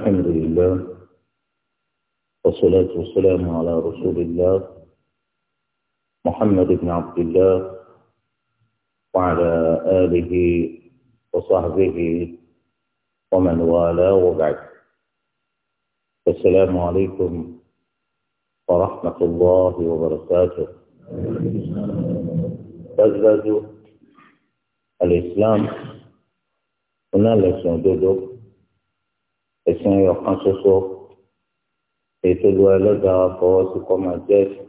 الحمد لله والصلاة والسلام على رسول الله محمد بن عبد الله وعلى آله وصحبه ومن والاه وبعد السلام عليكم ورحمة الله وبركاته أزواج الإسلام هنا لسنا ẹ̀sìn ọ̀kan ṣoṣo ètò olúwa ẹlọ́dà wa fọwọ́ sí kọ́ máa jẹ́ ẹ̀sìn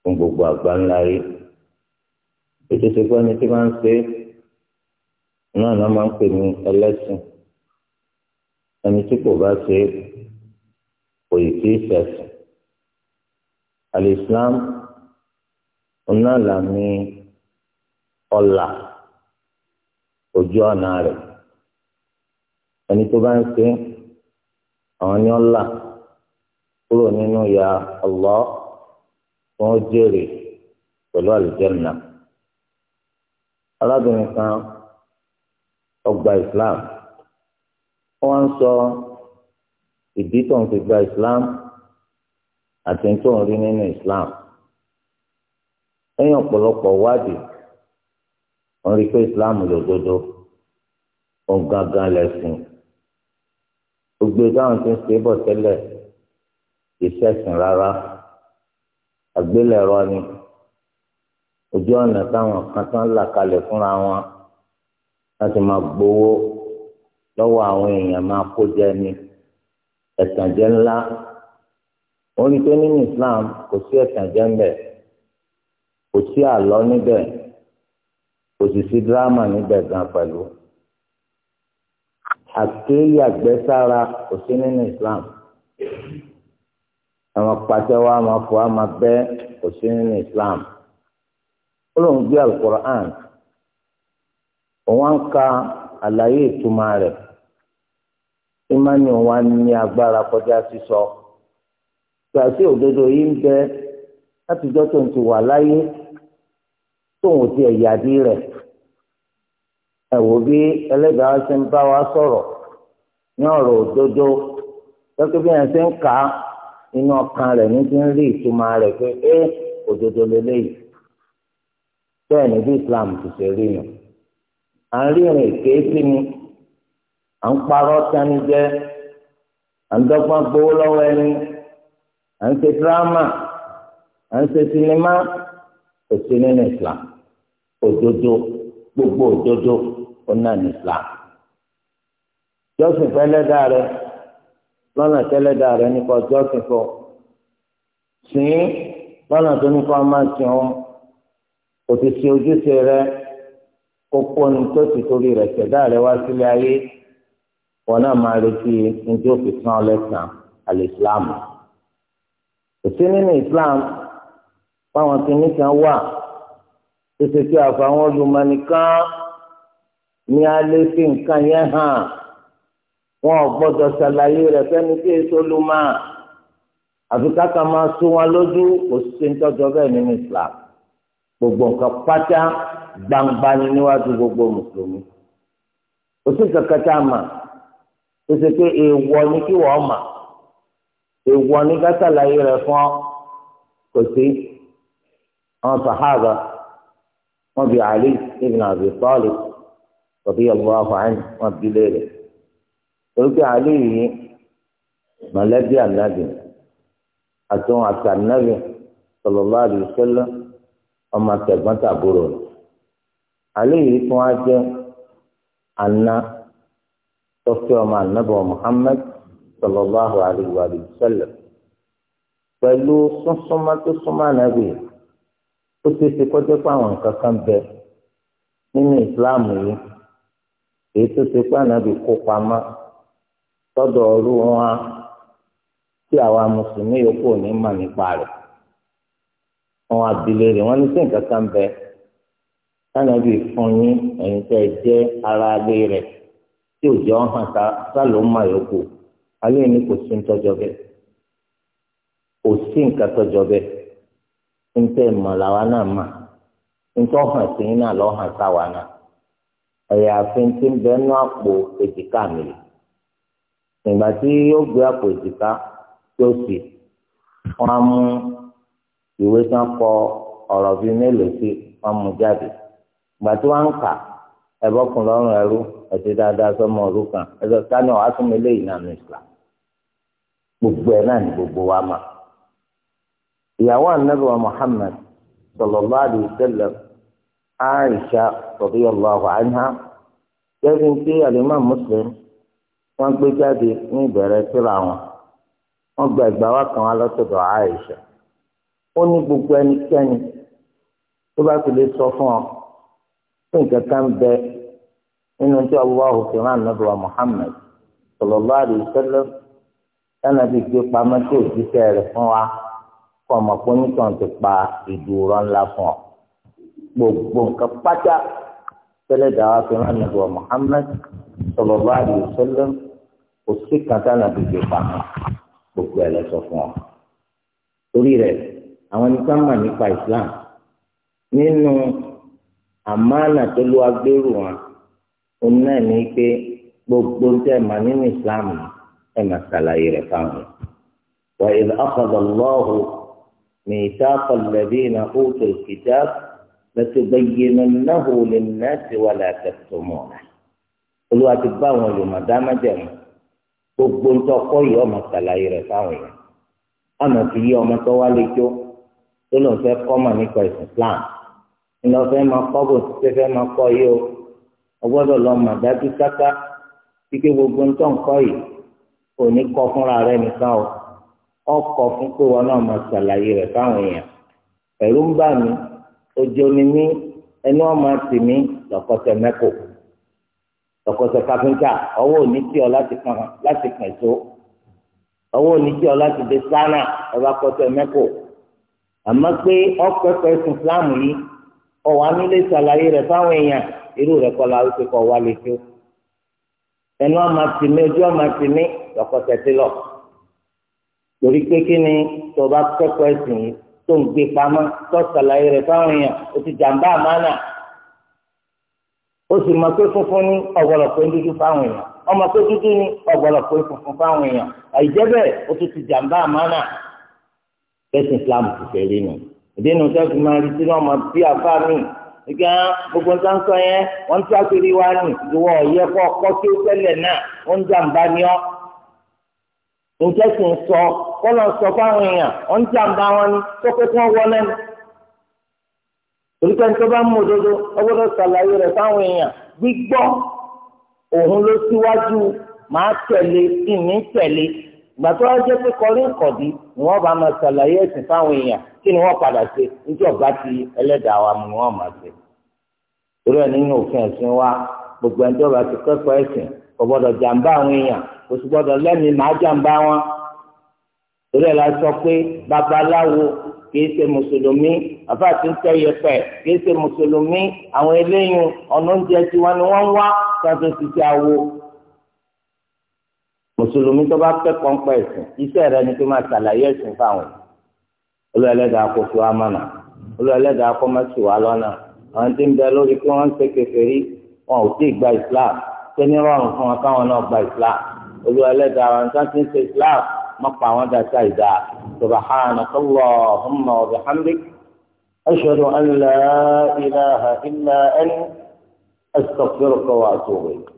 fún gbogbo àgbá ńlá yìí ètò ìṣègùn ẹni tí máa ń ṣe náà náà máa ń pè ní ẹlẹ́sìn ẹni tí kò bá ṣe kò yìí tí ì alìsílám ọ̀nà làmì ọ̀là ojú ọ̀nà rẹ̀ ẹni tó bá ń ṣe àwọn ni ó là kúrò nínú ya Allah wọn ó jèrè pẹ̀lú àlùjànnà arábìnrin kan ọgbà Islam wọn ń sọ ìdí tó ń fi gba Islam àti tó ń rí nínú Islam lẹ́yìn ọ̀pọ̀lọpọ̀ wádìí wọn rí pé Islam lòdodo òun gangan gbogbo táwọn ti ń ṣe bọ̀ tẹ́lẹ̀ ìṣẹ̀sìn rárá àgbélẹ̀rọ ni ojú ọ̀nà táwọn kan tán là kalẹ̀ fúnra wọn láti máa gbowó lọ́wọ́ àwọn èèyàn máa kó jẹ ni ẹ̀tànjẹ ńlá wọ́n rí i pé nínú Islam kò sí ẹ̀tànjẹ ńbẹ̀ kò sí àlọ́ níbẹ̀ kò sì sí dírámà níbẹ̀ gan pẹ̀lú àkéyà gbẹ́sára kò sí nínú Islam àwọn pàṣẹ wa máa fọ àmà bẹ́ kò sí nínú Islam ó lóun gbé alukur'an òun á ń ka àlàyé ìtumọ̀ rẹ̀ ìmánì wa ní agbára kọjá sísọ gbàsí òdodo yìí ń bẹ látijọ́ tó ń ti wà láyé tóun ti ẹ̀yà dí rẹ̀. Ewu bi bí ẹlẹ́dàá ṣe ń bá wa sọ̀rọ̀ ní ọ̀rọ̀ òdodo lọ́kẹ́ bí yẹn ṣe ń kà á inú ọkàn rẹ̀ ní ti ń rí ìtumọ̀ rẹ̀ pé ẹ òdodo lélẹ́yìí bẹ́ẹ̀ ni bí Islam ti ṣe rí yàn à ń ni à ń parọ́ tani jẹ́ à ń dọ́gbọ́n gbowó lọ́wọ́ ẹni à ń ṣe Islam òdodo gbogbo òdodo. ó náà ní Islam jọ́sìn fẹ́lẹ́dà rẹ lọ́nà tẹ́lẹ́dà rẹ nípa jọ́sìn fọ sìn lọ́nà tó nípa máa sìn ọ́ kò ti ṣe ojúṣe rẹ kókó ní tó ti torí rẹ ṣẹ̀dá rẹ wá sílé ayé wọn náà máa retí njó fi tán ọ lẹ́sàn alìsílámù òsì nínú Islam fáwọn kìnnìkan wà tó ṣe àfàwọn olùmọ̀ nìkan ni a lè fi nǹkan yẹn hàn wọn ò gbọ́dọ̀ ṣàlàyé rẹ̀ fẹ́ni tí èso ló máa àfi káka máa sún wọn lójú kò sí nítọjọ bẹ́ẹ̀ nínú Islam gbogbo nǹkan pátá gbangba ni níwájú gbogbo mùsùlùmí kò sí kankan tá a mà tó ṣe pé èèwọ̀ ni kí wọ́n mà èèwọ̀ ni ká ṣàlàyé rẹ̀ fún kò sí àwọn sàhábà wọn bí Ali ibn Abi Talib. radiyallahu anhu wọn bí léèrè orúkọ àlẹ́ yìí mọ̀lẹ́bí ànábì àtúnwò àtànábì sallallahu ọmọ àtẹ̀gbọ́n tàbúrò rẹ̀ àlẹ́ yìí tún á jẹ́ àná tọ́kí ọmọ ahụ Muhammad sallallahu pẹ̀lú súnsúnmọ́ tó súnmọ́ ànábì ó ti ṣe kọ́jọ́ èyí tó ṣe nàbì ànábì kó pamọ́ tọ́dọ̀ ọrú wọn tí àwa mùsùlùmí yòókù ní mà nípa rẹ̀ wọn àbílẹ̀ rẹ̀ wọn ní sí nǹkan kan bẹ jẹ́ ara lé rẹ̀ tí òjò hàn sálòmà yòókù alẹ́ ní kò sí kò sí nǹkan tọ́jọ́ bẹ làwa náà mà ẹ̀yà àfin tí ń bẹ nú àpò èjìká mi rè ìgbà tí yóò gbé àpò èjìká tí ó sì wọn á mú ìwé tán kọ ọ̀rọ̀ bíi mélòó sí wọn mú jáde ìgbà tí wọn ń kà ẹ̀bọ́kùn lọ́rùn ẹrú ẹ̀sìn dáadáa sọmọ ọdún kan ẹ̀sọ́ sani ọ̀há tún mi léyìn náà ní ìsìlá gbogbo ẹ̀ náà ní gbogbo wa mà ìyàwó ànábì wa Muhammad sallallahu alaihi wasallam aisha radiyallahu anha jẹ́sìn tí alimam muslim wọ́n gbé jáde ní ìbẹ̀rẹ̀ síra wọn wọ́n gba ìgbà wa kan wá lọ́sọ̀dọ̀ aisha ó ní gbogbo ẹnikẹ́ni tó bá fi lè sọ fún ọ fún nǹkan kan bẹ nínú tí Allahu fi rán ànábì wa Muhammad sallallahu alaihi wasallam lánàá bíi gbé pamọ́ sí òjíṣẹ́ rẹ̀ fún wa kọ́ ọmọ pé ti pa ìdúró ńlá fún ọ gbogbo nǹkan pátá tẹ́lẹ̀ dàá fi hàn nàbọ̀ Muhammad sallallahu alaihi wasallam kò sí kàtà nàbì gbé pamọ́ gbogbo ẹ̀ lọ́sọ̀ fún ọ. torí rẹ̀ àwọn ẹni tá mà nípa Islam nínú àmánà tó ló agbérù wọn òun náà ní pé gbogbo tẹ́ ẹ̀ mà nínú Islam ẹ̀ mà sàlàyé rẹ̀ fáwọn. وإذ أخذ الله ميثاق الذين أوتوا الكتاب lẹtùbẹyìnnáhù lẹnàtì wà látẹtùmọ̀nà olúwa ti bá àwọn olùmọ̀dámájẹ̀mú gbogbo ń tọkọ yìí ọmọ sàlàyé rẹ̀ fáwọn yẹn ọmọ fi yí ọmọ tó wá lẹ́jọ́ tó lọ fẹ́ kọ́mọ̀ nípa ìsìn Islam ńlọ fẹ́ máa kọ́ bò ṣe fẹ́ máa kọ́ yìí o ọgbọ́dọ̀ lọ mọ̀ dájú sáká kíkẹ́ gbogbo ń tọ́ nǹkọ́ yìí ò ní kọ́ fúnra rẹ̀ nìkan o ọkọ̀ fún pé wọn náà máa sàlàyé rẹ̀ fáwọn yẹn pẹ̀lú ń bà mí òjò ni mí ẹni wọn máa tì mí lọkọsẹ mẹkọ lọkọsẹ káfíńtà ọwọ́ òní tí ọ láti kàn láti kàn tó ọwọ́ òní tí ọ láti dé sánà ọba kọsẹ mẹkọ àmọ́ pé ọpẹpẹ sùn fúlàmù yìí ọwọ́ anílé ṣàlàyé rẹ fáwọn èèyàn irú rẹ kọ la wípé kọ wálé tó ẹni wọn máa tì mí ojú wọn máa tì mí lọkọsẹ tí lọ torí pé kí ni tó bá kẹ́kọ̀ọ́ yìí tó ń gbé pamọ́ tó ṣàlàyé rẹ̀ fáwọn èèyàn ó ti jàǹbá àmánà ó sì mọ̀ pé funfun ní ọ̀gbọ̀lọ̀pọ̀ dúdú fáwọn èèyàn ọmọ pé dúdú ní ọ̀gbọ̀lọ̀pọ̀ funfun fáwọn èèyàn àìjẹ́ bẹ́ẹ̀ ó ti ti jàǹbá àmánà bẹ́ẹ̀ Islam ti fẹ́ rí nu ìdí nu sẹ́fù máa rí sínú ọmọ bí àfa mi ìgbà gbogbo ń sáńsọ yẹn wọ́n ń sákiri wá ní ìwọ ọ̀yẹ́ kọ́ ọkọ́ tí ó tẹ́lẹ̀ náà ó ń jàǹbá ni ọ́ ǹjẹ́ sọ kọ́lọ̀ sọ fáwọn èèyàn ọ ń jàǹbá wọn ni tó pé kí wọ́n wọ torípé tó bá mú òdodo ọgbọ́dọ̀ ṣàlàyé rẹ̀ fáwọn èèyàn gbígbọ́ òun ló síwájú maa tẹ̀lé ní tẹ̀lé ìgbà tó wáá pé ni bá máa fáwọn èèyàn kí ni padà ṣe wa ni máa ṣe. torí nínú òfin wa gbogbo ẹni tó bá ti kò torí ẹ̀ la sọ pé babaláwo kìí ṣe mùsùlùmí àfáà tí ń tẹ yẹpẹ kìí ṣe mùsùlùmí àwọn eléyìn ọ̀nà oúnjẹ tiwọn ni wọ́n ń wá sáfẹ́ títí awo mùsùlùmí tó bá kẹ́kọ̀ọ́ ń pẹ́ ẹ̀sìn iṣẹ́ rẹ ni pé máa ṣàlàyé ẹ̀sìn fáwọn olùẹlẹ́dàá kò fi wá mọ̀nà olùẹlẹ́dàá kò má sì wá lọ́nà àwọn tí ń bẹ lórí pé wọ́n ń ṣe kékeré wọn ò tíì gba Islam ṣé fún wọn káwọn náà gba Islam olùẹlẹ́dàá àwọn tí Islam مقام ذا سيدا سبحانك اللهم وبحمدك أشهد أن لا إله إلا أنت أستغفرك وأتوب إليك